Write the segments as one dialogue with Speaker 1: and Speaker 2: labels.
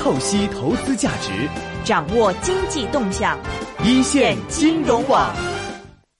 Speaker 1: 透析投資價值，掌握經濟動向，一線金融網。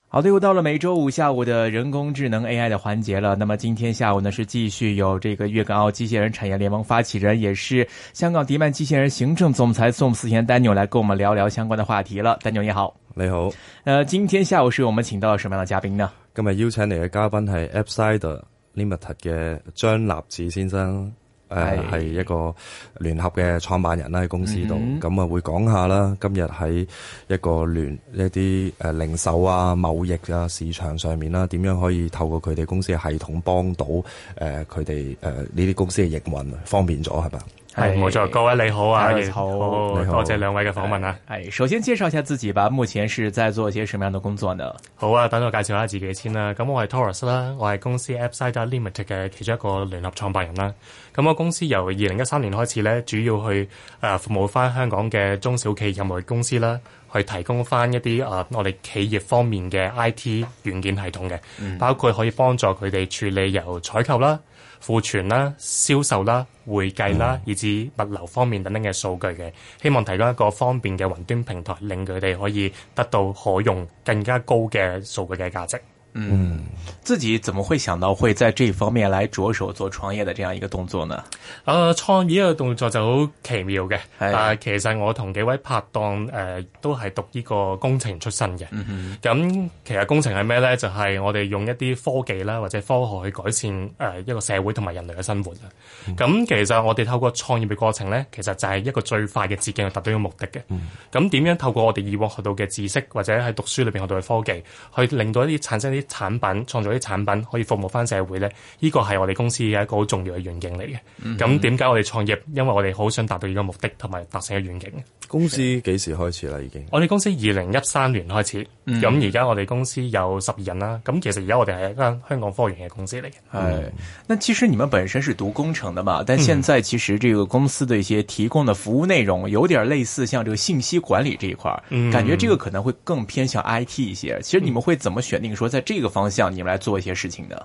Speaker 1: 好的，又到了每周五下午的人工智能 AI 的環節了。那麼今天下午呢，是繼續有這個粵港澳機器人產業聯盟發起人，也是香港迪曼機器人行政總裁宋思賢丹尼來跟我們聊聊相關的話題了。丹尼你好，你好。呃，今天下午是我們請到了什麼樣的嘉賓呢？今日邀
Speaker 2: 請嚟嘅嘉賓係 Apsider Limited 嘅張立子先生。誒、呃、係一個聯合嘅創辦人啦，喺公司度，咁啊會講下啦。今日喺一個聯一啲誒零售啊、貿易啊市場上面啦，點樣可以透過佢哋公司嘅系統幫到誒佢哋誒呢啲公司嘅營運方便咗，係咪啊？係冇錯，
Speaker 1: 各位你好啊，亦好，好，好，多謝兩位嘅訪問啊。
Speaker 3: 係，
Speaker 2: 首
Speaker 1: 先介紹一下自己吧。目前是在做一些什麼樣的工作呢？好啊，等我介紹一下自己先啦、啊。咁
Speaker 3: 我係 Taurus 啦，我係公司 Appsider Limited 嘅其中一個聯合創辦人啦。咁我公司由二零一三年開始咧，主要去誒、呃、服務翻香港嘅中小企、任何公司啦。去提供翻一啲啊，我哋企業方面嘅 I T 軟件系統嘅，包括可以幫助佢哋處理由採購啦、庫存啦、銷售啦、會計啦，以至物流方面等等嘅數據嘅，希望提供一個方便嘅雲端平台，
Speaker 1: 令佢哋可以得到可用更加高嘅數據嘅價值。嗯，自己怎麼會想到會在這方面來着手做創業的這樣一個動作呢？誒、啊，
Speaker 3: 創業嘅動作就好奇妙嘅。係、哎，但、啊、係其實我同幾位拍檔誒、呃、都係讀呢個工程出身嘅。嗯咁、嗯嗯嗯、其實工程係咩咧？就係、是、我哋用一啲科技啦，或者科學去改善誒一個社會同埋人類嘅生活啊。咁、嗯嗯、其實我哋透過創業嘅過程咧，其實就係一個最快嘅捷徑去達到一個目的嘅。嗯。咁、嗯、點樣透過我哋以往學到嘅知識或者喺讀書裏邊學到嘅科技，去令到一啲產生一啲。產品，創造啲產品可以服務翻社會咧，呢個係我哋公司嘅一個好重要嘅願景嚟嘅。咁點解我哋創業？因為我哋好想達到呢個目的，和達的，同埋達成嘅願景。公司幾時開始啦？已經我哋公司二零一三年開始，咁而家我哋公司有十二人啦。咁其實而家我哋係一間香港科研嘅公司嚟
Speaker 1: 嘅。哎、嗯,那其實你們本身是讀工程的嘛？但現在其實這個公司的一些提供的服務內容有點類似，像這個信息管理這一塊、嗯，感覺這個可能會更偏向 IT 一些。其實你們會怎麼選定說在？呢個方向，你們來做一些事情的。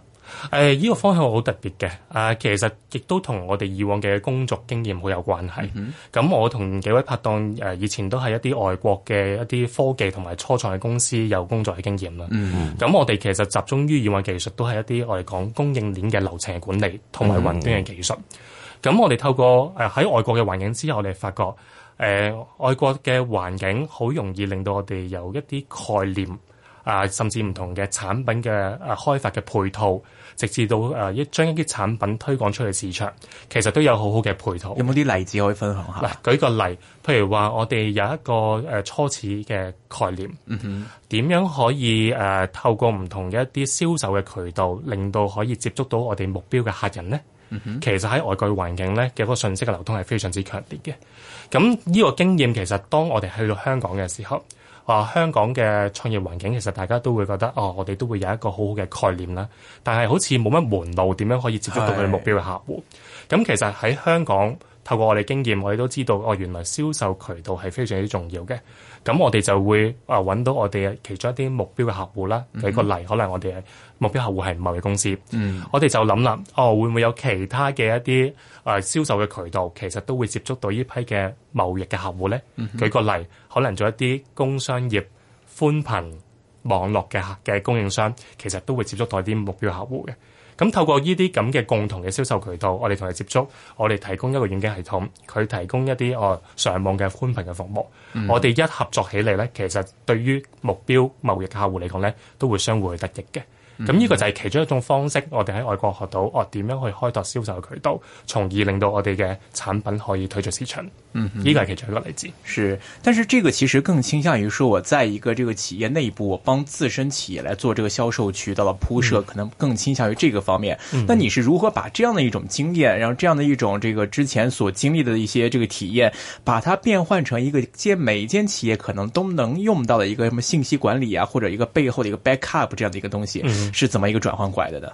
Speaker 1: 誒、呃，呢、這個方向好特別嘅。啊、呃，其實亦都同我哋以往嘅
Speaker 3: 工作經驗好有關係。咁、嗯、我同幾位拍檔誒、呃，以前都係一啲外國嘅一啲科技同埋初創嘅公司有工作嘅經驗
Speaker 4: 啦。
Speaker 3: 咁、嗯、我哋其實集中於以往技術都係一啲我哋講供應鏈嘅流程嘅管理同埋雲端嘅技術。咁、嗯、我哋透過誒喺、呃、外國嘅環境之後，我哋發覺誒、呃、外國嘅環境好容易令到我哋有一啲概念。啊，甚至唔同嘅產品嘅誒、啊、開發嘅配套，直至到誒一、啊、將一啲產品推廣出去市場，其實都有好好嘅配套。有冇啲例子可以分享下？嗱、啊，舉個例，譬如話我哋有一個誒、啊、初始嘅概念，點、嗯、樣可以誒、啊、透過唔同嘅一啲銷售嘅渠道，令到可以接觸到我哋目標嘅客人咧、嗯？其實喺外國環境咧，嘅嗰個信息嘅流通係非常之強烈嘅。咁呢個經驗其實當我哋去到香港嘅時候。啊！香港嘅創業環境其實大家都會覺得，哦，我哋都會有一個好好嘅概念啦。但係好似冇乜門路，點樣可以接觸到佢目標嘅客戶？咁其實喺香港。透過我哋經驗，我哋都知道哦，原來銷售渠道係非常之重要嘅。咁我哋就會啊揾到我哋其中一啲目標嘅客戶啦。舉個例、嗯，可能我哋目標客戶係貿易公司，
Speaker 4: 嗯、
Speaker 3: 我哋就諗啦，哦，會唔會有其他嘅一啲誒銷售嘅渠道，其實都會接觸到呢批嘅貿易嘅客戶咧、嗯？舉個例，可能做一啲工商業寬頻網絡嘅嘅供應商，其實都會接觸到啲目標客戶嘅。咁透過呢啲咁嘅共同嘅銷售渠道，我哋同佢接觸，我哋提供一個軟件系統，佢提供一啲哦上網嘅寬頻嘅服務，嗯、我哋一合作起嚟咧，其實對於目標貿易客戶嚟講咧，都會相互去得益嘅。咁呢個就係其中一種方式，我哋喺外國學到我點、mm -hmm. 哦、樣去開拓銷售渠道，從而令到我哋
Speaker 1: 嘅產品可以推出市場。嗯，呢個係其中一個例子。是，但是這個其實更傾向於說我在一個這個企業內部我幫自身企業嚟做這個銷售渠道嘅鋪設，mm -hmm. 可能更傾向於這個方面。Mm -hmm. 那你是如何把這樣的一種經驗，然後這樣的一種這個之前所經歷的一些這個體驗，把它變換成一個間每一間企業可能都能用到嘅一個什麼信息管理啊，或者一個背後嘅一個 backup 這樣的一個東西？Mm -hmm. 是怎麼一個轉換過來的，的？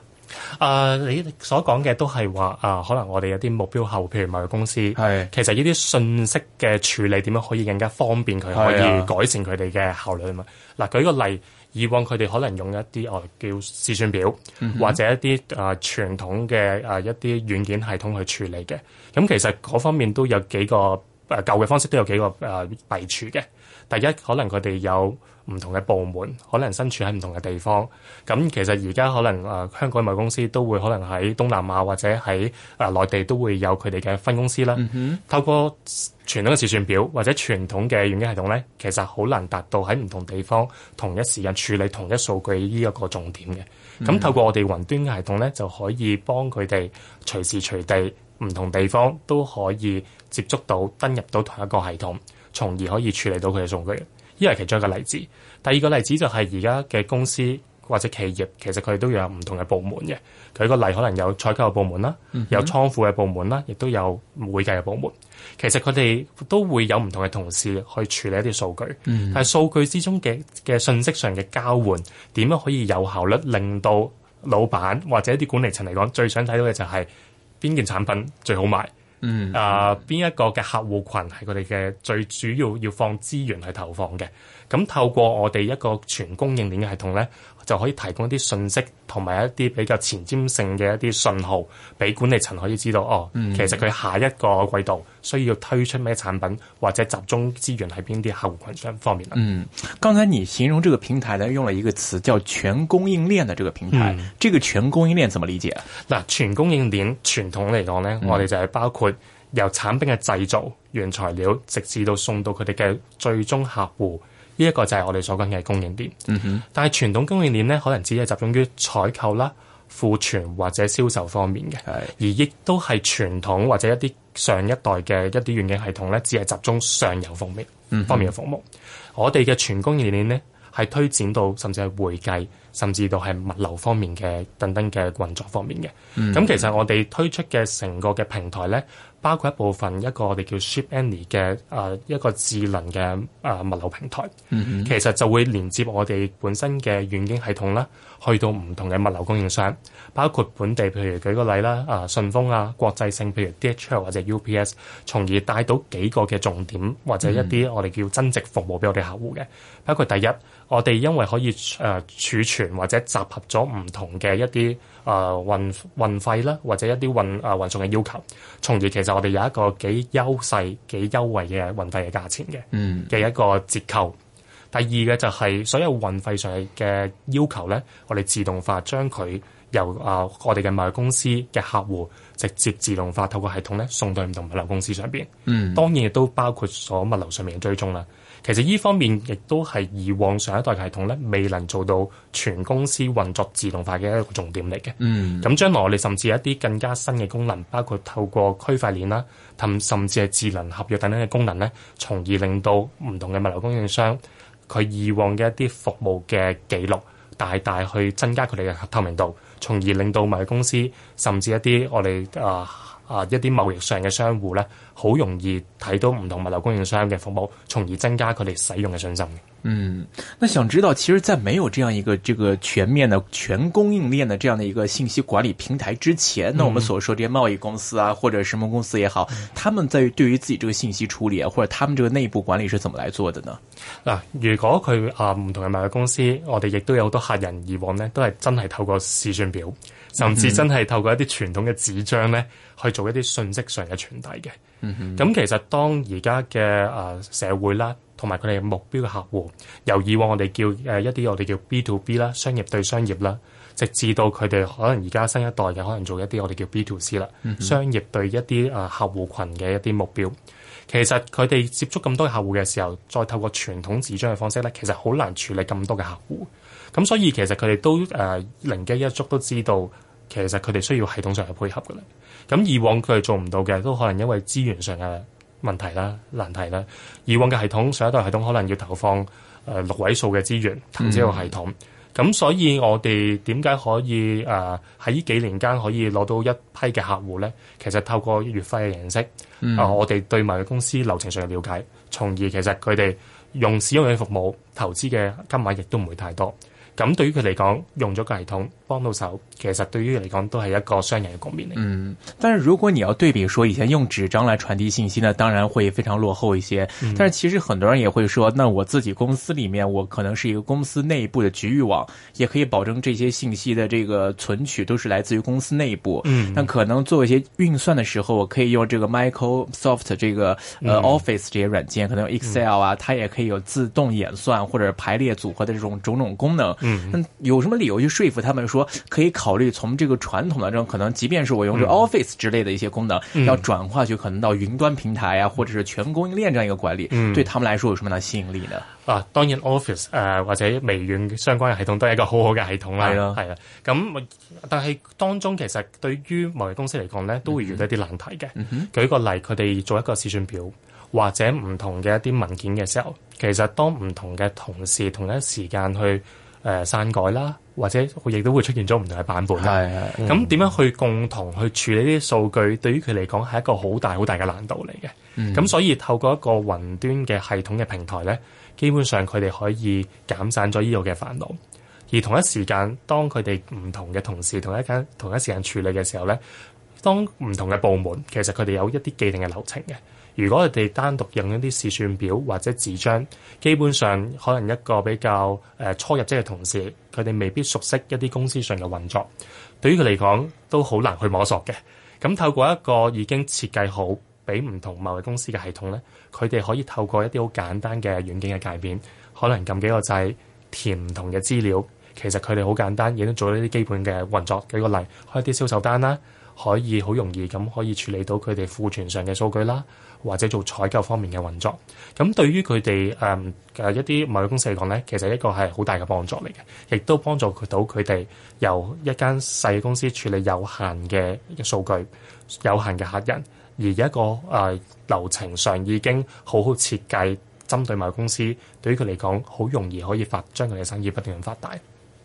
Speaker 3: 啊、uh,，你所講嘅都係話啊，可能我哋有啲目標後，譬如貿易公司，係、hey. 其實呢啲信息嘅處理點樣可以更加方便佢，hey. 可以改善佢哋嘅效率啊嘛。嗱、yeah.，舉個例，以往佢哋可能用一啲、呃、叫試算表，mm -hmm. 或者一啲啊、呃、傳統嘅、呃、一啲軟件系統去處理嘅。咁、嗯、其實嗰方面都有幾個誒、呃、舊嘅方式都有幾個誒弊處嘅。第一，可能佢哋有。唔同嘅部門可能身處喺唔同嘅地方，咁其實而家可能誒、呃、香港貿易公司都會可能喺東南亞或者喺誒、呃、內地都會有佢哋嘅分公司啦。Mm -hmm. 透過傳統嘅試算表或者傳統嘅軟件系統咧，其實好難達到喺唔同地方同一時間處理同一數據呢一個重點嘅。咁、mm -hmm. 透過我哋雲端嘅系統咧，就可以幫佢哋隨時隨地唔同地方都可以接觸到登入到同一個系統，從而可以處理到佢嘅數據。呢個係其中一個例子。第二個例子就係而家嘅公司或者企業，其實佢哋都有唔同嘅部門嘅。舉個例，可能有採購部門啦，嗯、有倉庫嘅部門啦，亦都有會計嘅部門。其實佢哋都會有唔同嘅同事去處理一啲數據。嗯、但係數據之中嘅嘅信息上嘅交換，點樣可以有效率令到老闆或者啲管理層嚟講，最想睇到嘅就係邊件產品最好賣。嗯，啊、呃，邊一個嘅客戶群係佢哋嘅最主要要放資源去投放嘅？咁透過我哋一個全供應鏈嘅系統咧，就可以提供一啲信息同埋一啲比較前瞻性嘅一啲信號，俾管理層可以知道哦。其實佢下一個季度需要推出咩產品，或者集中資源喺邊啲客戶群上方面
Speaker 4: 啦。嗯，
Speaker 1: 剛才你形容這個平台呢，用了一個詞，叫全供應鏈嘅這個平台，嗯。這個全供應鏈怎麼理解？嗱，全供應鏈傳統嚟講呢，我哋就係包括
Speaker 3: 由產品嘅製造、原材料，直至到送到佢哋嘅最終客戶。呢、這、一個就係我哋所講嘅供應鏈，嗯哼。但係傳統供應鏈呢，可能只係集中於採購啦、庫存或者銷售方面嘅，而亦都係傳統或者一啲上一代嘅一啲軟件系統呢，只係集中上游方面，方面嘅服務。嗯、我哋嘅全供應鏈呢，係推展到甚至係會計，甚至到係物流方面嘅等等嘅運作方面嘅。咁、嗯、其實我哋推出嘅成個嘅平台呢。包括一部分，一個我哋叫 ShipAny 嘅誒一個智能嘅誒物流平台，mm -hmm. 其實就會連接我哋本身嘅軟件系統啦，去到唔同嘅物流供應商，包括本地，譬如舉個例啦，誒順豐啊，國際性譬如 DHL 或者 UPS，從而帶到幾個嘅重點或者一啲我哋叫增值服務俾我哋客戶嘅，mm -hmm. 包括第一。我哋因為可以誒、呃、儲存或者集合咗唔同嘅一啲誒、呃、運運費啦，或者一啲運誒、呃、運送嘅要求，從而其實我哋有一個幾優勢、幾優惠嘅運費嘅價錢嘅嘅、mm. 一個折扣。第二嘅就係所有運費上嘅要求咧，我哋自動化將佢由誒、呃、我哋嘅物流公司嘅客戶直接自動化透過系統咧送到唔同物流公司上邊嗯、mm. 當然亦都包括所有物流上面嘅追蹤啦。其實呢方面亦都係以往上一代系統咧未能做到全公司運作自動化嘅一個重點嚟嘅。嗯，咁將來我哋甚至一啲更加新嘅功能，包括透過區塊鏈啦，同甚至係智能合約等等嘅功能咧，從而令到唔同嘅物流供應商佢以往嘅一啲服務嘅記錄大大去增加佢哋嘅透明度，從而令到物流公司甚至一啲我哋啊。啊！一啲貿易上嘅商戶呢，好容易睇到唔同物流供應商嘅服務，從而增加佢哋使用嘅信心。
Speaker 1: 嗯，那想知道，其實，在沒有這樣一個這個全面嘅全供應鏈嘅這樣的一個信息管理平台之前，那我們所說啲貿易公司啊，或者什麼公司也好，嗯、他們在對於自己這個信息處理，啊，或者他們這個內部管理，是怎麼來做的呢？嗱、
Speaker 3: 啊，如果佢啊唔同嘅物流公司，我哋亦都有好多客人以往呢，都係真係透過試算表。甚至真係透過一啲傳統嘅紙張咧，去做一啲信息上嘅傳遞嘅。咁、嗯、其實當而家嘅社會啦，同埋佢哋目標嘅客戶，由以往我哋叫、呃、一啲我哋叫 B to B 啦，商業對商業啦，直至到佢哋可能而家新一代嘅可能做一啲我哋叫 B to C 啦、嗯，商業對一啲、呃、客戶群嘅一啲目標，其實佢哋接觸咁多客戶嘅時候，再透過傳統紙張嘅方式咧，其實好難處理咁多嘅客戶。咁所以其實佢哋都誒靈、呃、機一觸都知道，其實佢哋需要系統上嘅配合嘅咧。咁以往佢哋做唔到嘅，都可能因為資源上嘅問題啦、難題啦。以往嘅系統上一代系統可能要投放誒、呃、六位數嘅資源投資個系統。咁、嗯、所以我哋點解可以誒喺呢幾年間可以攞到一批嘅客戶咧？其實透過月費嘅形式啊，我哋對埋公司流程上嘅了解，從而其實佢哋用使用嘅服務投資嘅金額亦都唔會太多。咁對於佢嚟講，用咗個系統。幫到
Speaker 1: 手，其實對於你嚟講都係一個
Speaker 3: 雙贏嘅局面。
Speaker 1: 嗯，但是如果你要對比說以前用紙張來傳遞信息呢，當然會非常落後一些。嗯，但係其實很多人也會說，那我自己公司裏面，我可能是一個公司內部嘅局域網，也可以保證這些信息嘅這個存取都是來自於公司內部。嗯，那可能做一些運算嘅時候，我可以用這個 Microsoft 這個，嗯，呃 Office 這些軟件，可能 Excel 啊，嗯，它也可以有自動演算或者排列組合的這種種種功能。嗯，那有什麼理由去說服他們說？可以考慮從這個傳統當中可能即便是我用住 Office 之類的一些功能，嗯、要轉化去可能到雲端平台啊，或者是全供應鏈這樣一個管理，嗯、對他們來說有什麼樣的吸引力呢？啊，
Speaker 3: 當然 Office 誒、呃、或者微軟相關嘅系統都係一個好好嘅系統啦。係啦，係啦。咁但係當中其實對於貿易公司嚟講呢，都會遇到一啲難題嘅、嗯。舉個例，佢哋做一個試算表或者唔同嘅一啲文件嘅時候，其實當唔同嘅同事同一時間去。誒、呃、刪改啦，或者亦都會出現咗唔同嘅版本。係咁點樣去共同、嗯、去處理啲數據？對於佢嚟講係一個好大好大嘅難度嚟嘅。咁、嗯、所以透過一個雲端嘅系統嘅平台咧，基本上佢哋可以減散咗依度嘅煩惱。而同一時間，當佢哋唔同嘅同事同一間同一時間處理嘅時候咧，當唔同嘅部門其實佢哋有一啲既定嘅流程嘅。如果佢哋單獨用一啲試算表或者紙張，基本上可能一個比較誒初入職嘅同事，佢哋未必熟悉一啲公司上嘅運作，對於佢嚟講都好難去摸索嘅。咁透過一個已經設計好，俾唔同貿易公司嘅系統咧，佢哋可以透過一啲好簡單嘅軟件嘅介面，可能撳幾個掣，填唔同嘅資料，其實佢哋好簡單，已經做咗啲基本嘅運作。舉個例，開一啲銷售單啦，可以好容易咁可以處理到佢哋庫存上嘅數據啦。或者做採購方面嘅運作，咁對於佢哋誒一啲貿易公司嚟講咧，其實一個係好大嘅幫助嚟嘅，亦都幫助佢到佢哋由一間細公司處理有限嘅數據，有限嘅客人，而一個、呃、流程上已經好好設計，針對貿易公司，對於佢嚟
Speaker 1: 講好容易可以發將佢嘅生意不斷咁發大。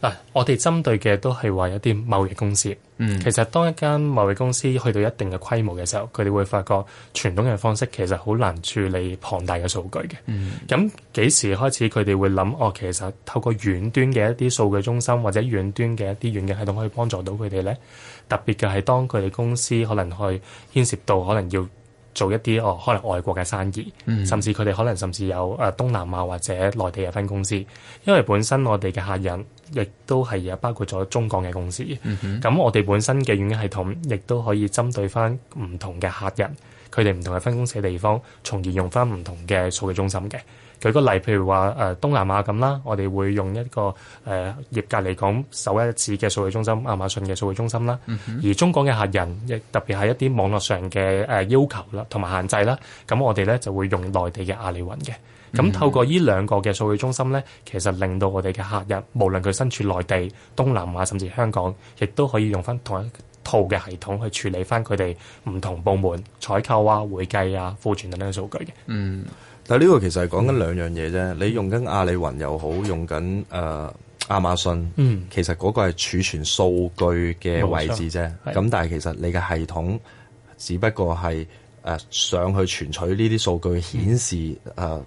Speaker 1: 嗱、啊，我哋針對嘅都係話一啲貿易公司。嗯、其
Speaker 3: 實，當一間貿易公司去到一定嘅規模嘅時候，佢哋會發覺傳統嘅方式其實好難處理龐大嘅數據嘅。咁、嗯、幾時開始佢哋會諗哦？其實透過遠端嘅一啲數據中心或者遠端嘅一啲軟件系統，可以幫助到佢哋呢。特別嘅係當佢哋公司可能去牽涉到可能要做一啲哦，可能外國嘅生意，嗯、甚至佢哋可能甚至有、啊、東南亞或者內地嘅分公司，因為本身我哋嘅客人，亦都係有包括咗中港嘅公司，咁、嗯、我哋本身嘅軟件系統亦都可以針對翻唔同嘅客人，佢哋唔同嘅分公司嘅地方，從而用翻唔同嘅數據中心嘅。舉個例，譬如話誒、呃、東南亞咁啦，我哋會用一個誒、呃、業界嚟講首一次嘅數據中心，亞馬遜嘅數據中心啦、嗯。而中國嘅客人，亦特別係一啲網絡上嘅、呃、要求啦，同埋限制啦，咁我哋咧就會用內地嘅阿里雲嘅。咁、嗯、透過呢兩個嘅數據中心咧，其實令到我哋嘅客人，無論佢身處內地、東南亞甚至香港，亦都可以用翻同一套嘅系統去處理翻佢哋唔同部門採購啊、會計啊、庫存等
Speaker 2: 等嘅數據嘅。嗯。但呢個其實係講緊兩樣嘢啫，你用緊阿里雲又好，用緊誒亞馬遜、嗯，其實嗰個係儲存數據嘅位置啫。咁但係其實你嘅系統只不過係誒、呃、上去存取呢啲數據顯，顯示誒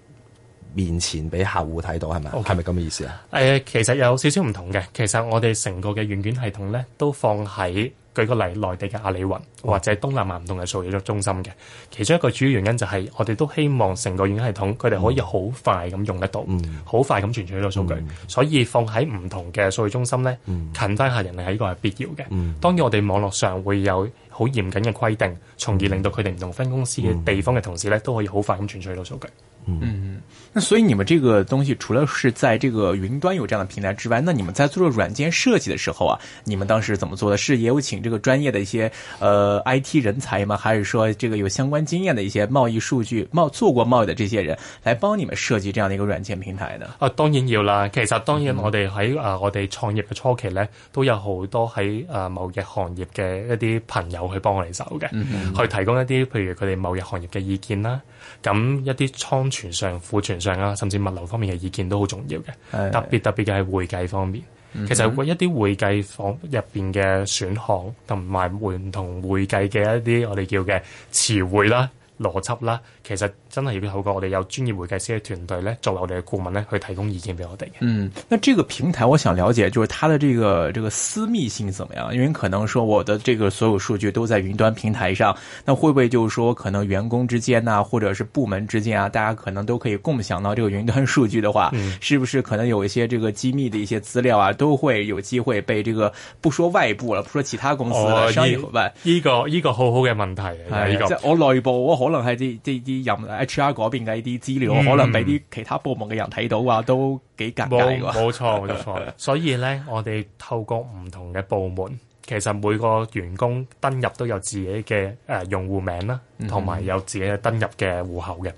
Speaker 2: 面前俾客戶睇到係咪？係咪咁嘅意思啊？誒、
Speaker 3: 呃，其實有少少唔同嘅。其實我哋成個嘅軟件系統咧，都放喺。舉個例，內地嘅阿里雲或者東南亞唔同嘅數據中心嘅，其中一個主要原因就係、是、我哋都希望成個軟件系統佢哋可以好快咁用得到，好、嗯、快咁存取到數據、嗯，所以放喺唔同嘅數據中心呢、嗯、近翻客人嚟係呢個係必要嘅、嗯。當然我哋網絡上會有好嚴謹嘅規定，從而令到佢哋唔同分公司嘅地方嘅同事咧、嗯、都可
Speaker 1: 以好快咁存取到數據。嗯，那所以你們這個東西，除了是在這個雲端有這樣的平台之外，那你們在做軟件設計的時候啊，你們當時怎麼做的？是也有請這個專業的一些，呃 IT 人才嗎？還是說這個有相關經驗的一些貿易數據貿做過貿易的這些人來幫你們設計這樣的一個軟件平台呢？啊，當然要啦。其實
Speaker 3: 當然我哋喺、嗯、啊我哋、啊、創業嘅初期呢，都有好多喺啊貿易行業嘅一啲朋友去幫我哋手嘅、嗯嗯，去提供一啲譬如佢哋貿易行業嘅意見啦，咁一啲倉。存上、庫存上啊，甚至物流方面嘅意見都好重要嘅，特別特別嘅係會計方面。
Speaker 4: 嗯、其實一些會
Speaker 3: 一啲會計房入邊嘅選項同埋唔同會計嘅一啲我哋叫嘅詞彙啦、邏輯啦。其實真係要透過我哋有專業會計師嘅團隊呢，作為我哋嘅顧問呢，去提供意見俾我哋
Speaker 4: 嘅。嗯，
Speaker 1: 那這個平台我想了解，就是它的這個這個私密性怎麼樣？因為可能說我的這個所有數據都在雲端平台上，那會不會就是說可能員工之間啊，或者是部門之間啊，大家可能都可以共享到這個雲端數據的話，嗯、是不是可能有一些這個機密的一些資料啊，都會有機會被這個不說外部了，不說其他公司啦，商業伙、
Speaker 3: 哦、伴。呢、這個呢、這個好好嘅問題呢、哎這個，即係
Speaker 1: 我內部我可能係任 HR 嗰邊嘅呢啲資料，可能俾啲其他部門嘅人睇到啊，都幾尷尬。冇錯，冇錯。
Speaker 3: 所以咧，我哋透過唔同嘅部門，其實每個員工登入都有自己嘅誒用戶名啦，同埋有自己嘅登入嘅戶口嘅。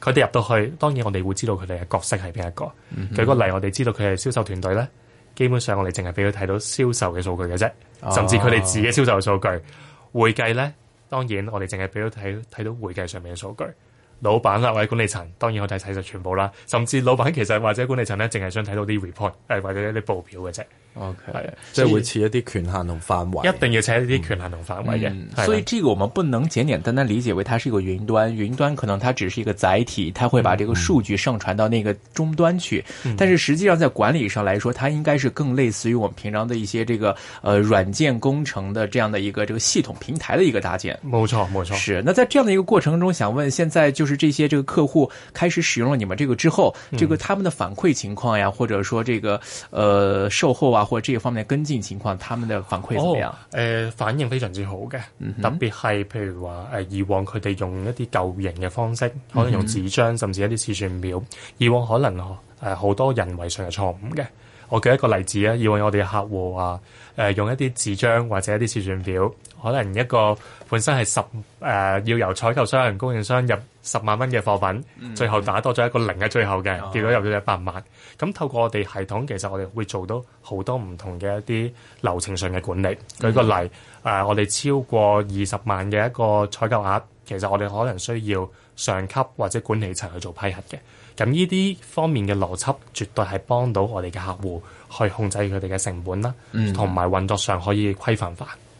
Speaker 3: 佢哋入到去，當然我哋會知道佢哋嘅角色係邊一個。舉個例，我哋知道佢係銷售團隊咧，基本上我哋淨係俾佢睇到銷售嘅數據嘅啫，甚至佢哋自己銷售嘅數據。會計咧。當然我們只是給，我哋淨係畀咗睇睇到會計上面嘅數據。老闆啦，或者管理層，當然我睇睇就全部啦。甚至老闆其實或者管理層咧，淨係想睇到啲 report，係或者一啲報表嘅啫。O K，係即係會設一啲權限同範圍，一定要設一啲權限同範圍嘅。所以
Speaker 1: 這個我們不能簡簡單單理解為它是一個雲端，雲端可能它只是一個載體，它會把這個數據上傳到那個終端去。嗯，但是實際上在管理上來說，嗯，它應該是更類似於我們平常的一些這個，呃，軟件工程的這樣的一個這個系統平台的一個搭建。沒錯，沒錯。是，那在這樣的一個過程中，想問，現在就是這些這個客戶開始使用了你們這個之後，嗯，這個他們的反饋情況呀，或者說這個，呃，售後啊。或者呢個方面嘅跟進情況，他們嘅反饋係點樣？誒、哦呃、
Speaker 3: 反應非常之好嘅、嗯，特別係譬如話誒、呃、以往佢哋用一啲舊型嘅方式，可能用紙張甚至一啲試算表，以往可能誒好、呃、多人為上嘅錯誤嘅。我舉一個例子啊，以往我哋嘅客戶啊呃，用一啲紙張或者一啲試算表，可能一個本身係十、呃、要由採購商、供應商入十萬蚊嘅貨品，mm -hmm. 最後打多咗一個零喺最後嘅，oh. 結果入咗一百萬。咁透過我哋系統，其實我哋會做到好多唔同嘅一啲流程上嘅管理。舉個例、呃，我哋超過二十萬嘅一個採購額，其實我哋可能需要上級或者管理層去做批核嘅。咁呢啲方面嘅邏輯絕對係幫到我哋嘅客戶去控制佢哋嘅成本啦，同埋運作上可以規範化。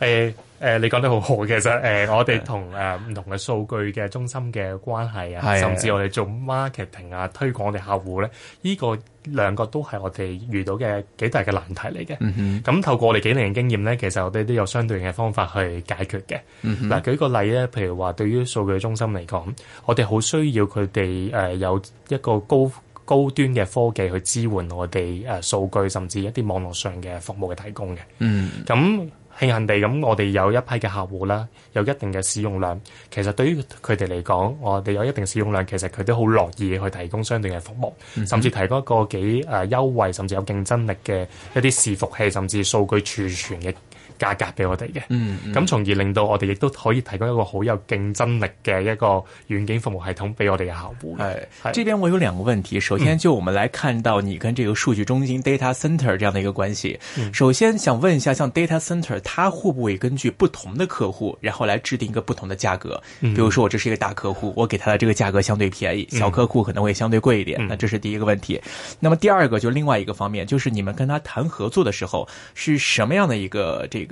Speaker 1: 誒誒，你講得好好。其實誒，我哋同誒唔同嘅數據嘅中心嘅關
Speaker 3: 係啊，甚至我哋做 marketing 啊推廣嘅客戶咧，呢個兩個都係我哋遇到嘅幾大嘅難題嚟嘅。咁透過我哋幾年嘅經驗咧，其實我哋都有相對嘅方法去解決嘅。嗱，舉個例咧，譬如話對於數據中心嚟講，我哋好需要佢哋誒有一個高高端嘅科技去支援我哋誒數據，甚至一啲網絡上嘅服務嘅提供嘅。嗯，咁。慶幸地咁，我哋有一批嘅客戶啦，有一定嘅使用量。其實對於佢哋嚟講，我哋有一定使用量，其實佢都好樂意去提供相對嘅服務，嗯，甚至提供一個幾誒優惠，甚至有競爭力嘅一啲伺服器，甚至數據儲存嘅價格俾我哋
Speaker 4: 嘅，咁、嗯、
Speaker 3: 從而令到我哋亦都可以提供一個好有競爭力嘅一個遠景服務系
Speaker 1: 統俾我哋嘅客戶。係，這邊，我有兩個問題。首先就我們來看到你跟這個數據中心 data center 這樣的一個關係、嗯。首先想問一下，像 data center，它會不會根據不同的客戶，然後來制定一個不同的價格？比如說我這是一個大客戶，我給他的這個價格相對便宜，小客戶可能會相對貴一點、嗯。那這是第一個問題。那麼第二個就另外一個方面，就是你們跟他談合作的時候，是什麼樣的一個這個？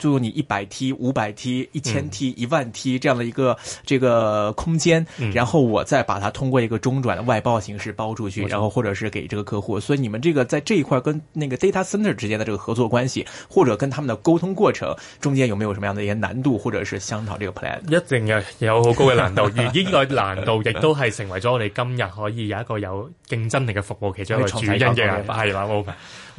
Speaker 1: 就用你一百 T、五百 T、一千 T、一萬 T 這樣的一個這個空間、嗯，然後我再把它通過一個中轉的外包形式包出去，嗯、然後或者是給這個客戶。所以你們這個在這一塊跟那個 data center 之間的這個合作關係，或者跟他們的溝通過程中間有沒有什麼樣的一些難度，或者是商討這個 plan？
Speaker 3: 一定有有好高嘅難度， 而呢個難度亦都係成為咗我哋今日可以有一個有競爭力嘅服務其中一個主因 嘅人，係嘛 o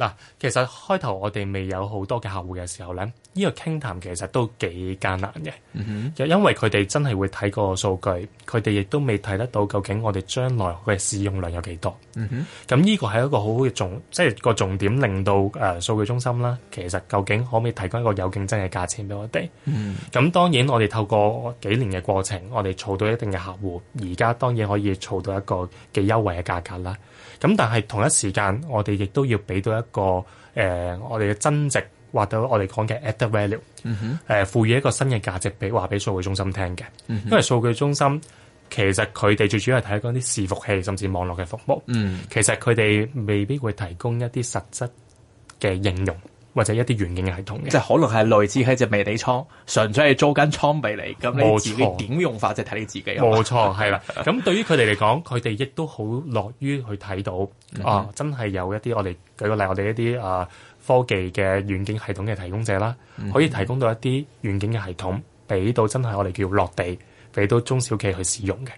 Speaker 3: 嗱、啊，其實開頭我哋未有好多嘅客戶嘅時候咧，呢、這個傾談其實都幾艱難
Speaker 4: 嘅，mm
Speaker 3: -hmm. 因為佢哋真係會睇個數據，佢哋亦都未睇得到究竟我哋將來嘅使用量有幾多。
Speaker 4: 咁、mm、
Speaker 3: 呢 -hmm. 嗯這個係一個好好嘅重，即係個重點，令到誒、呃、數據中心啦，其實究竟可唔可以提供一個有競爭嘅價錢俾我哋？
Speaker 4: 咁、mm
Speaker 3: -hmm. 嗯、當然，我哋透過幾年嘅過程，我哋儲到一定嘅客戶，而家當然可以儲到一個幾優惠嘅價格啦。咁但係同一時間，我哋亦都要俾到一個誒、呃，我哋嘅增值或到我哋講嘅 add value，誒、mm -hmm. 呃、賦予一個新嘅價值俾話俾數據中心聽嘅，mm -hmm. 因為數據中心其實佢哋最主要係睇嗰啲伺服器甚至網絡嘅服務，mm -hmm. 其實佢哋未必會提供一啲實質嘅應用。或者一啲軟件嘅系統嘅，即可能係類似喺隻迷你倉，嗯、純粹係租間倉俾你咁。你自己點用法，即係睇你自己冇錯，係啦。咁 對於佢哋嚟講，佢哋亦都好樂於去睇到、嗯、啊，真係有一啲我哋舉個例，我哋一啲啊科技嘅軟件系統嘅提供者啦，可以提供到一啲軟件嘅系統俾、嗯、到真係我哋叫落地，俾到中小企去使用嘅。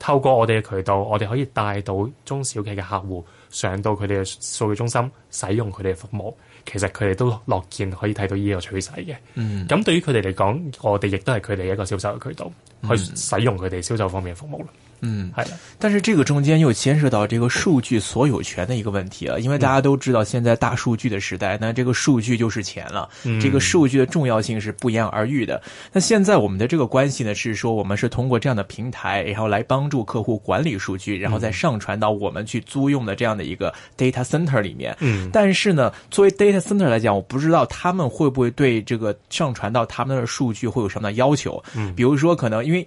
Speaker 3: 透過我哋嘅渠道，我哋可以帶到中小企嘅客戶上到佢哋嘅數據中心，使用佢哋嘅服務。其實佢哋都樂見可以睇到呢個趨勢嘅，咁、嗯、對於佢哋嚟講，我哋亦都係佢哋一個銷售嘅渠道，去使用佢哋銷售方面嘅
Speaker 1: 服務。嗯，但是這個中間又牽涉到這個數據所有權的一個問題了，因為大家都知道現在大數據的時代，嗯、那這個數據就是錢了、嗯，這個數據的重要性是不言而喻的。那現在我們的這個關係呢，是說我們是通過這樣的平台，然後來幫助客戶管理數據，然後再上傳到我們去租用的這樣的一個 data center 裏面。嗯，但是呢，作為 data center 來講，我不知道他們會不會對這個上傳到他們那兒的數據會有什麼要求？嗯，比如說可能因為。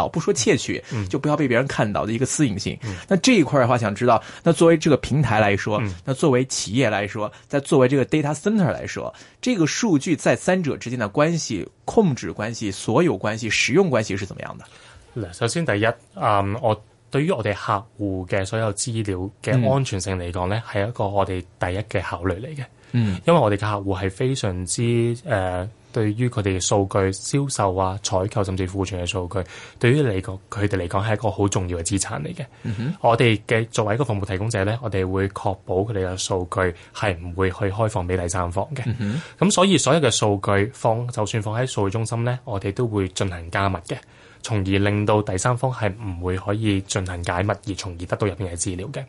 Speaker 1: 不說竊取，就不要被別人看到的一個私隱性、嗯。那這一塊的話，想知道，那作為這個平台來說、嗯，那作為企業來說，再作為這個 data center 來說，這個數據在三者之間的關係、控制關係、所有關係、使用關係是怎麼樣的？首先第一，啊，
Speaker 3: 我對於我哋客戶的所有資料的安全性來講呢、嗯、是一個我哋第一嘅考慮嚟嘅。嗯，因為我哋嘅客戶係非常之誒。呃對於佢哋嘅數據、銷售啊、採購，甚至庫存嘅數據，對於嚟講佢哋嚟講係一個好重要嘅資產嚟嘅、嗯。我哋嘅作為一個服務提供者咧，我哋會確保佢哋嘅數據係唔會去開放俾第三方嘅。咁、嗯、所以所有嘅數據放就算放喺數據中心咧，我哋都會進行加密嘅，從而令到第三方係唔會可以進行解密而從而得到入邊嘅資料嘅。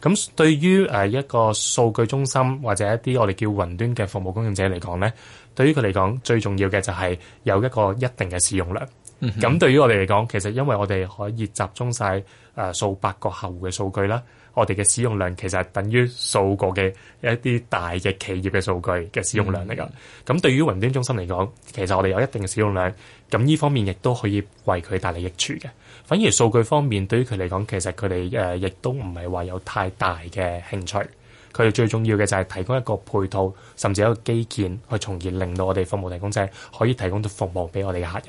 Speaker 3: 咁對於誒一個數據中心或者一啲我哋叫雲端嘅服務供應者嚟講咧。對於佢嚟講，最重要嘅就係有一個一定嘅使用量。咁、嗯、對於我哋嚟講，其實因為我哋可以集中曬、呃、數百個客戶嘅數據啦，我哋嘅使用量其實係等於數個嘅一啲大嘅企業嘅數據嘅使用量嚟㗎。咁、嗯、對於雲端中心嚟講，其實我哋有一定嘅使用量，咁呢方面亦都可以為佢帶嚟益處嘅。反而數據方面，對於佢嚟講，其實佢哋、呃、亦都唔係話有太大嘅興趣。佢哋最重要嘅就係提供一個配套，甚至一個基建，去從而令到我哋服務提供者可以
Speaker 1: 提供到服務俾我哋嘅客人。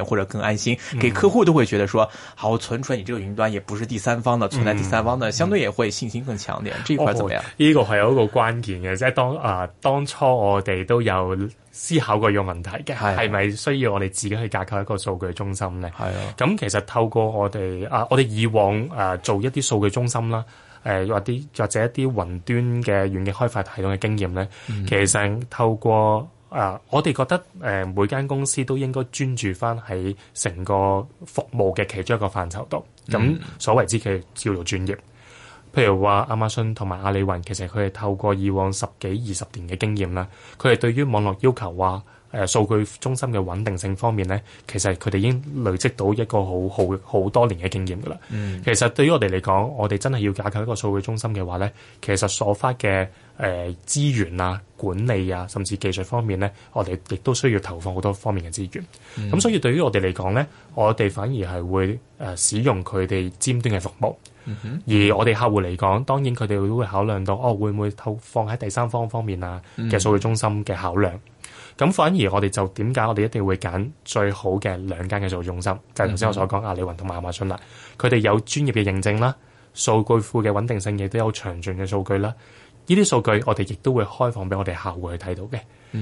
Speaker 1: 或者更安心，給客戶都會覺得說：嗯、好，存儲你這個雲端也不是第三方的，嗯、存在第三方的，相對也會信心更強點、嗯。這一塊怎麼樣？呢、哦這個係一個關
Speaker 3: 鍵嘅，即係當啊、呃、當初我哋都有思考過一個問題嘅，係咪、啊、需要我哋自己去架構一個數據中心呢？係啊。咁其實透過我哋啊、呃，我哋以往啊、呃、做一啲數據中心啦，誒、呃、或啲或者一啲雲端嘅軟件開發系統嘅經驗咧、嗯，其實透過。啊、uh, 我哋覺得、呃、每間公司都應該專注翻喺成個服務嘅其中一個範疇度。咁、mm. 所謂之嘅叫做專業。譬如話亞馬遜同埋阿里雲，其實佢哋透過以往十幾二十年嘅經驗啦，佢哋對於網絡要求、話誒數據中心嘅穩定性方面咧，其實佢哋已經累積到一個好好好多年嘅經驗噶啦。Mm. 其實對於我哋嚟講，我哋真係要架構一個數據中心嘅話咧，其實所發嘅。誒、呃、資源啊，管理啊，甚至技術方面咧，我哋亦都需要投放好多方面嘅資源。咁、mm -hmm. 所以對於我哋嚟講咧，我哋反而係會使用佢哋尖端嘅服務。Mm -hmm. 而我哋客戶嚟講，當然佢哋都會考量到哦，會唔會投放喺第三方方面啊嘅數據中心嘅考量。咁、mm -hmm. 反而我哋就點解我哋一定會揀最好嘅兩間嘅數據中心，就係頭先我所講阿里雲同亞馬遜啦，佢哋有專業嘅認證啦，數據庫嘅穩定性亦都有詳盡嘅數據啦。呢啲數據我哋亦都會開放俾我哋客戶去睇到嘅。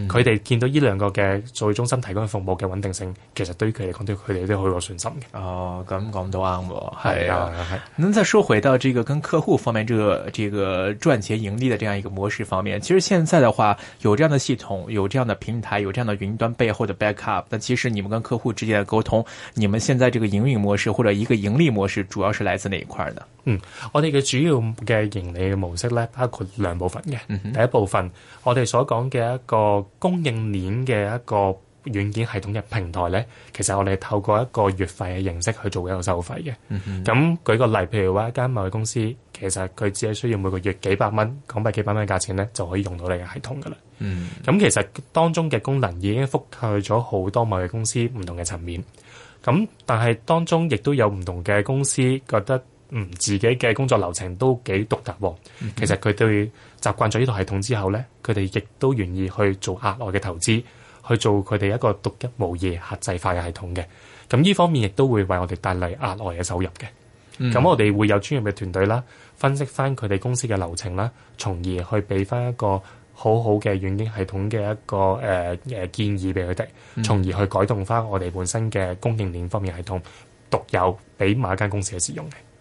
Speaker 3: 佢哋 見到呢兩個嘅最中心提供的服務
Speaker 1: 嘅穩定性，其實對於佢嚟講，對佢哋都好有信心嘅。哦，咁講到啱喎，係啊，係、啊。咁再說回到這個跟客戶方面，這個這個賺錢盈利的這樣一個模式方面，其實現在的話，有這樣的系統，有這樣的平台，有這樣的雲端背後的 backup，但其實你們跟客戶之間嘅溝通，你們現在這個營運模式或者一個盈利模式，主要是來自哪一塊呢？嗯，我哋嘅主要嘅盈利的模式呢，包括兩部分
Speaker 4: 嘅、嗯。第一
Speaker 3: 部分，我哋所講嘅一個供應鏈嘅一個軟件系統嘅平台呢，其實我哋係透過一個月費嘅形式去做一個收費嘅。咁、mm -hmm. 舉個例，譬如話一間貿易公司，其實佢只係需要每個月幾百蚊港幣，幾百蚊價錢呢，就可以用到你嘅系統噶啦。
Speaker 4: 咁、mm
Speaker 3: -hmm. 其實當中嘅功能已經覆蓋咗好多貿易公司唔同嘅層面。咁但係當中亦都有唔同嘅公司覺得。嗯，自己嘅工作流程都幾獨特喎。其實佢對習慣咗呢套系統之後咧，佢哋亦都願意去做額外嘅投資，去做佢哋一個獨一無二、客製化嘅系統嘅。咁呢方面亦都會為我哋帶嚟額外嘅收入嘅。咁我哋會有專業嘅團隊啦，分析翻佢哋公司嘅流程啦，從而去俾翻一個好好嘅軟件系統嘅一個誒、呃、建議俾佢哋，從而去改動翻我哋本身嘅供應鏈方面系統獨有，俾某一間公司嘅使用嘅。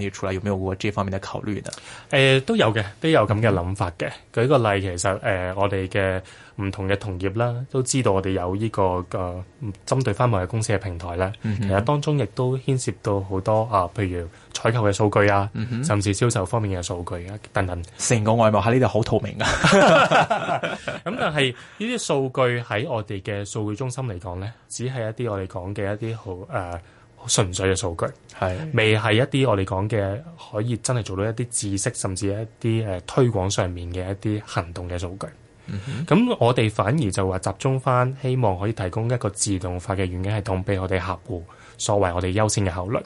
Speaker 1: 要處理，有冇過呢方面嘅考慮？誒、呃，都有嘅，都有咁嘅諗法嘅。Mm -hmm. 舉個例，
Speaker 3: 其實誒、呃，我哋嘅唔同嘅同業啦，都知道我哋有呢、呢個誒、呃，針對翻貿易公司嘅平台咧。Mm -hmm. 其實當中亦都牽涉到好多啊，譬如採購嘅數據啊，mm -hmm. 甚至銷售方面嘅數據啊。等，等。等成個外貿喺呢度好透明啊！咁 但係呢啲數據喺我哋嘅數據中心嚟講咧，只係一啲我哋講嘅一啲好誒。呃純粹嘅數據，係未係一啲我哋講嘅可以真係做到一啲知識，甚至一啲誒、呃、推廣上面嘅一啲行動嘅數據。咁、mm -hmm. 我哋反而就話集中翻，希望可以提供一個自動化嘅軟件系統俾我哋客戶，所謂我哋優先嘅考慮。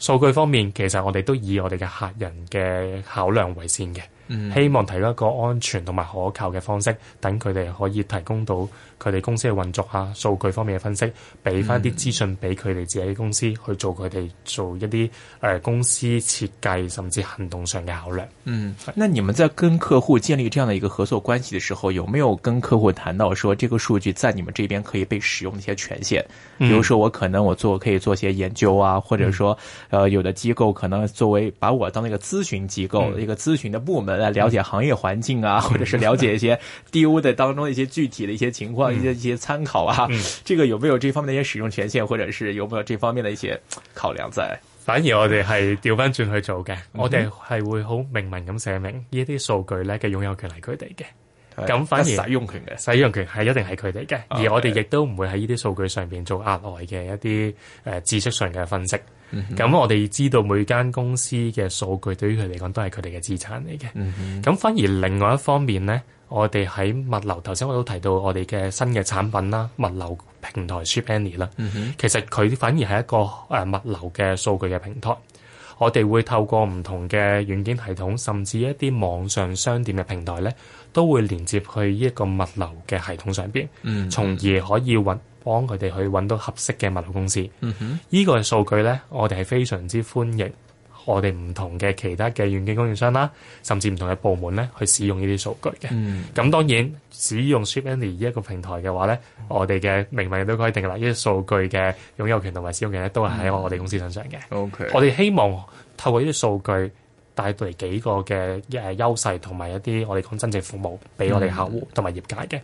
Speaker 3: 數據方面，其實我哋都以我哋嘅客人嘅考量為先嘅，mm -hmm. 希望提供一個安全同埋可靠嘅方式，等佢哋可以提供到。佢哋公司嘅運作啊，數據方面嘅分析，俾翻啲資訊俾佢哋自己公司，嗯、去做佢哋做一啲誒、呃、公司
Speaker 1: 設計甚至行動上嘅考量。嗯，那你們在跟客戶建立這樣的一個合作關係嘅時候，有沒有跟客戶談到說，這個數據在你們這邊可以被使用的一些權限？比如說我可能我做可以做些研究啊，或者說，呃有的機構可能作為把我當一個諮詢機構，嗯，一個諮詢的部門啊，了解行業環境啊、嗯，或者是了解一些 D U 的當中一些具體的一些情況。嗯、一一參考啊，嗯，這個有沒有這方面的一些使用權限，或者是有沒有這方面的一些考量在？
Speaker 3: 反而我哋係調翻轉去做嘅、嗯，我哋係會好明文咁寫明呢啲數據咧嘅擁有權係佢哋嘅，咁反而使用權嘅使用權係一定係佢哋嘅，okay. 而我哋亦都唔會喺呢啲數據上面做額外嘅一啲誒知識上嘅分析。咁、嗯、我哋知道每間公司嘅數據對於佢嚟講都係佢哋嘅資產嚟嘅，咁、嗯、反而另外一方面咧。我哋喺物流，頭先我都提到我哋嘅新嘅產品啦，物流平台 ShipAny 啦、mm -hmm.，其實，佢反而係一個誒物流嘅數據嘅平台。我哋會透過唔同嘅軟件系統，甚至一啲網上商店嘅平台咧，都會連接去呢一個物流嘅系統上邊，從、mm -hmm. 而可以揾幫佢哋去揾到合適嘅物流公司。Mm -hmm. 個呢個數據咧，我哋係非常之歡迎。我哋唔同嘅其他嘅軟件供應商啦，甚至唔同嘅部門咧，去使用呢啲數據嘅。咁、嗯、當然使用 ShipAny 呢一個平台嘅話咧，我哋嘅明文亦都規定㗎喇。呢啲數據嘅擁有權同埋使用權咧，都係喺我哋公司身上嘅、嗯 okay。我哋希望透過呢啲數據帶嚟幾個嘅誒、呃、優勢，同埋一啲我哋講真正服務俾我哋客戶同埋業界嘅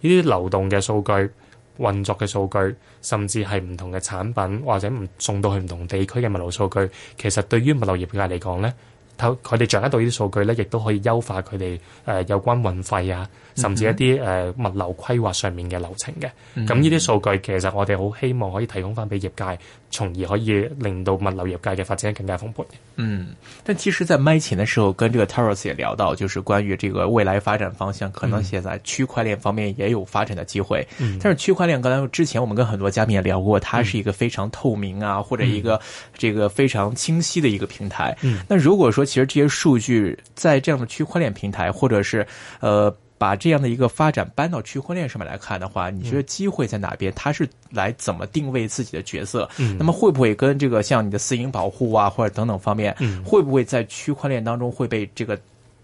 Speaker 3: 呢啲流動嘅數據。運作嘅數據，甚至係唔同嘅產品或者唔送到去唔同地區嘅物流數據，其實對於物流業界嚟講咧，透佢哋掌握到呢啲數據咧，亦都可以優化佢哋誒有關運費啊，甚至一啲誒物流規劃上面嘅流程嘅。咁呢啲數據其實我哋好
Speaker 1: 希望可以提供翻俾業界。從而可以令到物流業界嘅發展更加豐富。嗯，但其實，在賣錢的時候，跟這個 Taros 也聊到，就是關於這個未來發展方向，嗯，可能現在區塊鏈方面也有發展的機會。嗯，但是區塊鏈，剛才之前我們跟很多嘉賓也聊過，嗯，它是一個非常透明啊，嗯，或者一個這個非常清晰的一個平台。嗯，那如果說其實這些數據在這樣的區塊鏈平台，或者是，呃，把這樣的一個發展搬到區塊鏈上面來看的話，你覺得機會在哪邊？他是來怎麼定位自己的角色？嗯、那麼會不會跟這個像你的私隱保護啊，或者等等方面、嗯，會不會在區塊鏈當中會被這個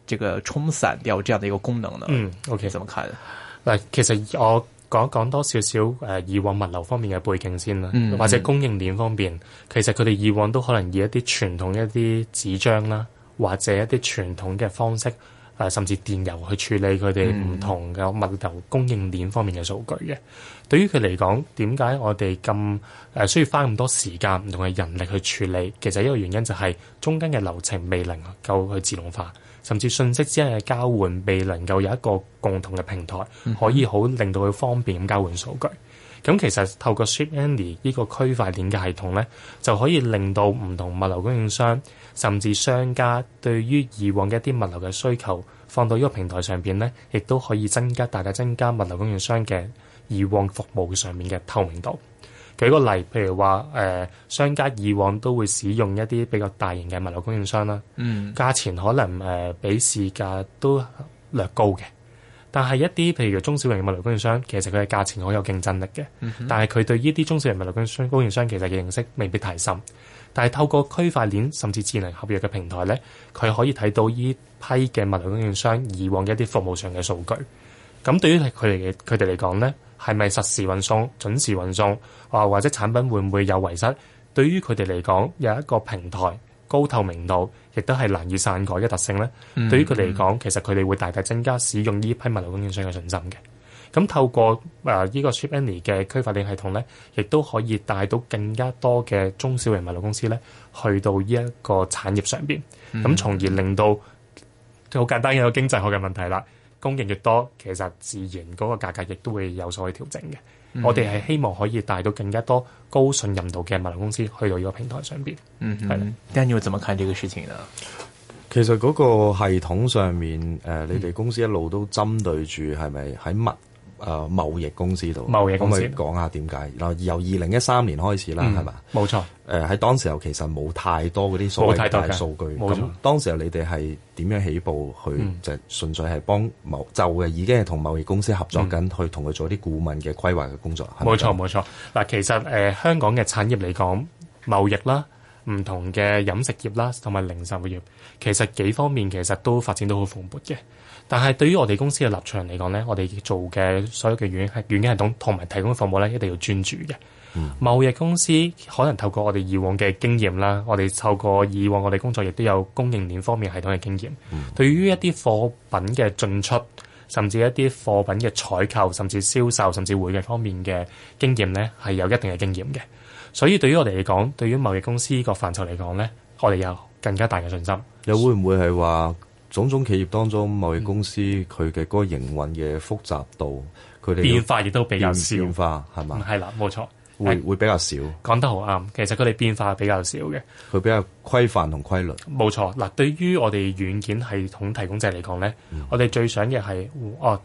Speaker 1: 這個沖散掉這樣的一個功能呢？嗯，OK，怎麼看？嗱，其實我講一講多少少誒，以往物流方面嘅
Speaker 3: 背景先啦、嗯，或者供應鏈方面，嗯、其實佢哋以往都可能以一啲傳統的一啲紙張啦，或者一啲傳統嘅方式。誒甚至電郵去處理佢哋唔同嘅物流供應鏈方面嘅數據嘅。對於佢嚟講，點解我哋咁誒需要花咁多時間唔同嘅人力去處理？其實一個原因就係中間嘅流程未能夠去自動化，甚至信息之間嘅交換未能夠有一個共同嘅平台，可以好令到佢方便咁交換數據。咁、嗯、其實透過 ShipAny 呢個區塊鏈嘅系統呢，就可以令到唔同物流供應商。甚至商家對於以往嘅一啲物流嘅需求，放到呢個平台上邊呢，亦都可以增加大概增加物流供應商嘅以往服務上面嘅透明度。舉個例，譬如話、呃、商家以往都會使用一啲比較大型嘅物流供應商啦，價、嗯、錢可能、呃、比市價都略高嘅。但係一啲譬如中小、嗯、些中小型物流供應商，其實佢嘅價錢好有競爭力嘅。但係佢對呢啲中小型物流供應商供應商其實嘅認識未必太深。但係透過區塊鏈甚至智能合約嘅平台咧，佢可以睇到依批嘅物流供應商以往嘅一啲服務上嘅數據。咁對於佢哋佢哋嚟講咧，係咪實時運送、準時運送，或、啊、或者產品會唔會有遺失？對於佢哋嚟講，有一個平台高透明度，亦都係難以篡改嘅特性咧、嗯。對於佢哋嚟講，其實佢哋會大大增加使用呢批物流供應商嘅信心嘅。咁、嗯、透過呢、呃呢個 ShipAny 嘅區塊鏈系統咧，亦都可以帶到更加多嘅中小型物流公司咧，去到呢一個產業上邊，咁、嗯、從而令到好簡單嘅一個經濟學嘅問題啦。供應越多，其實自然嗰個價格亦都會有所嘅調整嘅、嗯。我哋係希望可以帶到更加多高信任度嘅物流公司去到呢個平台上邊。嗯哼，啲你要點樣睇呢個事
Speaker 2: 情呢？其實嗰個系統上面、呃、你哋公司一路都針對住係咪喺物？嗯誒、呃、貿易公司度，公司講下點解？嗱，由二零一三年開始啦，係、嗯、嘛？冇錯。誒、呃、喺當時候其實冇太多嗰啲所謂大數據，冇錯。咁當時候你哋係點樣起步去？嗯、就純粹係幫就嘅已經係同貿易公司合作緊、嗯，去同佢做啲顧問嘅
Speaker 3: 規劃嘅工作。冇錯冇錯。嗱，其實誒、呃、香港嘅產業嚟講，貿易啦。唔同嘅飲食業啦，同埋零售業，其實幾方面其實都發展到好蓬勃嘅。但係對於我哋公司嘅立場嚟講呢，我哋做嘅所有嘅軟係軟件系統同埋提供嘅服務呢，一定要專注嘅。嗯、貿易公司可能透過我哋以往嘅經驗啦，我哋透過以往我哋工作亦都有供應鏈方面系統嘅經驗。嗯、對於一啲貨品嘅進出，甚至一啲貨品嘅採購，甚至銷售，甚至會計方面嘅經驗呢，係有一定嘅經驗嘅。所以對於我哋嚟講，對於貿易公司個範疇嚟講咧，我哋有更加大嘅信心。
Speaker 2: 又會唔會係話種種企業當中貿易公司佢嘅嗰個營運嘅複雜度，佢哋變化
Speaker 3: 亦都比較少？變化係咪？係啦，冇錯。會會比較少。講得好啱。其實佢哋變化比較少嘅。佢比較規範同規律。冇錯。嗱，對於我哋軟件系統提供者嚟講咧，我哋最想嘅係哦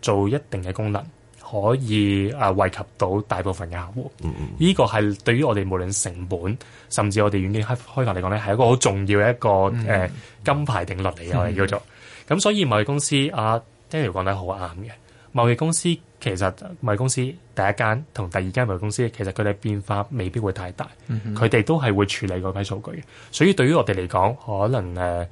Speaker 3: 做一定嘅功能。可以誒惠、啊、及到大部分嘅客戶，呢、mm -hmm. 個係對於我哋無論成本，甚至我哋軟件開開源嚟講咧，係一個好重要嘅一個誒、mm -hmm. 呃、金牌定律嚟嘅，我哋叫、mm、做 -hmm. 啊。咁所以貿易公司阿 Daniel 講得好啱嘅，貿、啊、易公司其實貿易公司第一間同第二間貿易公司，其實佢哋變化未必會太大，佢、mm、哋 -hmm. 都係會處理嗰批數據。所以對於我哋嚟講，可能誒。啊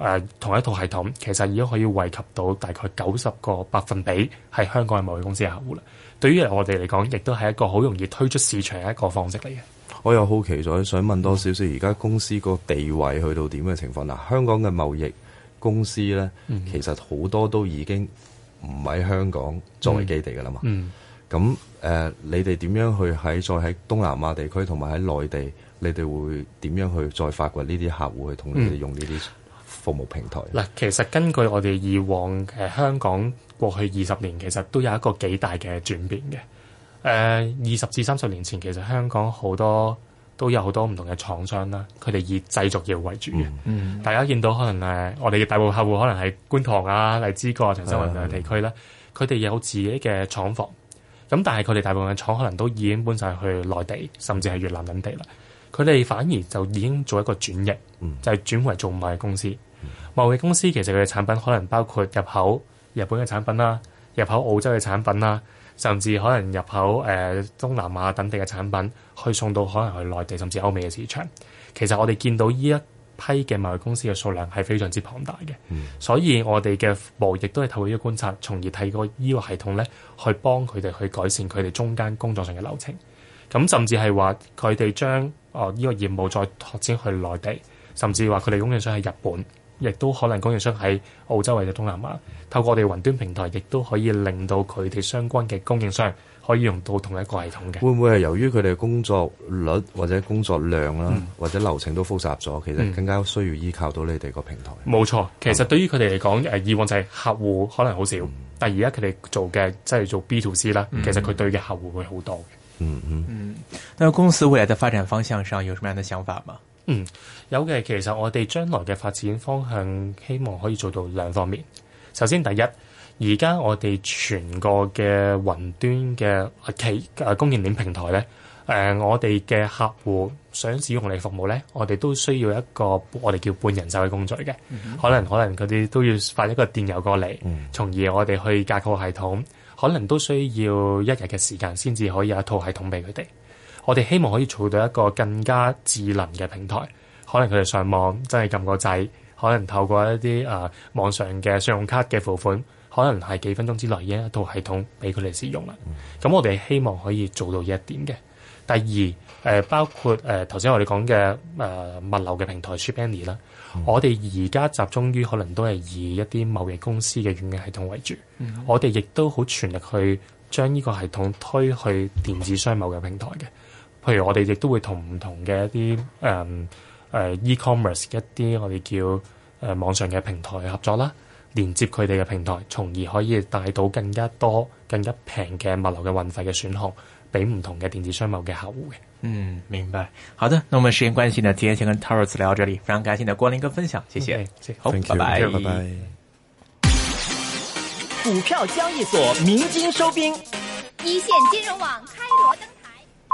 Speaker 3: 誒、呃、同一套系統，其實已經可以惠及到大概九十個百分比係香港嘅貿易公司嘅客戶啦。對於我哋嚟講，亦都係一個好容易推出市場嘅一個方式嚟嘅。
Speaker 2: 我又好奇咗，想問多少少而家公司個地位去到點嘅情況嗱、呃？香港嘅貿易公司咧，其實好多都已經唔喺香港作為基地噶啦嘛。咁、嗯、誒、嗯呃，你哋點樣去喺再喺東南亞地區同埋喺內地，你哋會點樣去再發掘呢啲客戶去同你哋用呢啲？嗯服務平台
Speaker 3: 嗱，其實根據我哋以往誒、呃、香港過去二十年，其實都有一個幾大嘅轉變嘅。誒、呃，二十至三十年前，其實香港好多都有好多唔同嘅廠商啦，佢哋以製造業為主嘅、嗯。嗯，大家見到可能誒、呃，我哋嘅大部分客戶可能係觀塘啊、荔枝角啊、長沙灣等地區咧，佢哋有自己嘅廠房。咁、嗯、但係佢哋大部分嘅廠可能都已經搬晒去內地，甚至係越南等地啦。佢哋反而就已經做一個轉型，嗯、就係、是、轉為做貿易公司。貿易公司其實，佢嘅產品可能包括入口日本嘅產品啦，入口澳洲嘅產品啦，甚至可能入口、呃、東南亞等地嘅產品，去送到可能去內地，甚至歐美嘅市場。其實，我哋見到呢一批嘅貿易公司嘅數量係非常之龐大嘅、嗯，所以我哋嘅服務亦都係透過呢個觀察，從而透過呢個系統咧，去幫佢哋去改善佢哋中間工作上嘅流程。咁甚至係話，佢哋將哦呢個業務再拓展去內地，甚至話，佢哋供應商喺日本，亦都可能供應商喺澳洲或者東南亞，透過我哋雲端平台，亦都可以令到佢哋相關嘅供應商可以用到同一個系統嘅。會唔會係由
Speaker 2: 於佢哋工作率或者工作量啦、嗯，或者流程都複雜咗，其實更加需
Speaker 3: 要依靠到你哋個平台？冇、嗯、錯，其實對於佢哋嚟講，以往就係客戶可能好少，嗯、
Speaker 1: 但而家佢哋做嘅即係做 B to C 啦、嗯，其實佢對嘅客戶會好多
Speaker 4: 嘅。
Speaker 1: 嗯嗯嗯。但公司未來嘅發展方向上，有什麼樣嘅想法嗎？嗯。有嘅，其實我哋
Speaker 3: 將來嘅發展方向，希望可以做到兩方面。首先，第一，而家我哋全個嘅雲端嘅企誒供應鏈平台咧，誒、呃，我哋嘅客戶想使用你服務咧，我哋都需要一個我哋叫半人手嘅工作嘅、mm
Speaker 4: -hmm.，可能
Speaker 3: 可能嗰啲都要發一個電郵過嚟，mm -hmm. 從而我哋去架構系統，可能都需要一日嘅時間先至可以有一套系統俾佢哋。我哋希望可以做到一個更加智能嘅平台。可能佢哋上網真係撳個掣，可能透過一啲誒、啊、網上嘅信用卡嘅付款，可能係幾分鐘之內已經一套系統俾佢哋使用啦。咁、mm -hmm. 我哋希望可以做到呢一點嘅。第二、呃、包括誒頭先我哋講嘅、呃、物流嘅平台 ShipAny 啦，我哋而家集中於可能都係以一啲貿易公司嘅軟件系統為主，mm -hmm. 我哋亦都好全力去將呢個系統推去電子商貿嘅平台嘅。譬如我哋亦都會同唔同嘅一啲誒。嗯誒、uh, e-commerce 一啲我哋叫誒、uh, 網上嘅平台合作啦，連接佢哋嘅平台，從而可以帶到更加多、更加平嘅物流嘅運費嘅選項，俾唔同嘅電子商貿
Speaker 1: 嘅客戶嘅。嗯，明白。好的，那我們時間關係呢，今日先跟 Taurus 聊到這裡，非常感謝你嘅光臨跟分享，謝，謝。謝、嗯。好，拜拜，拜拜。
Speaker 4: 股
Speaker 1: 票交易所鳴金收兵，一線金融網，開羅登。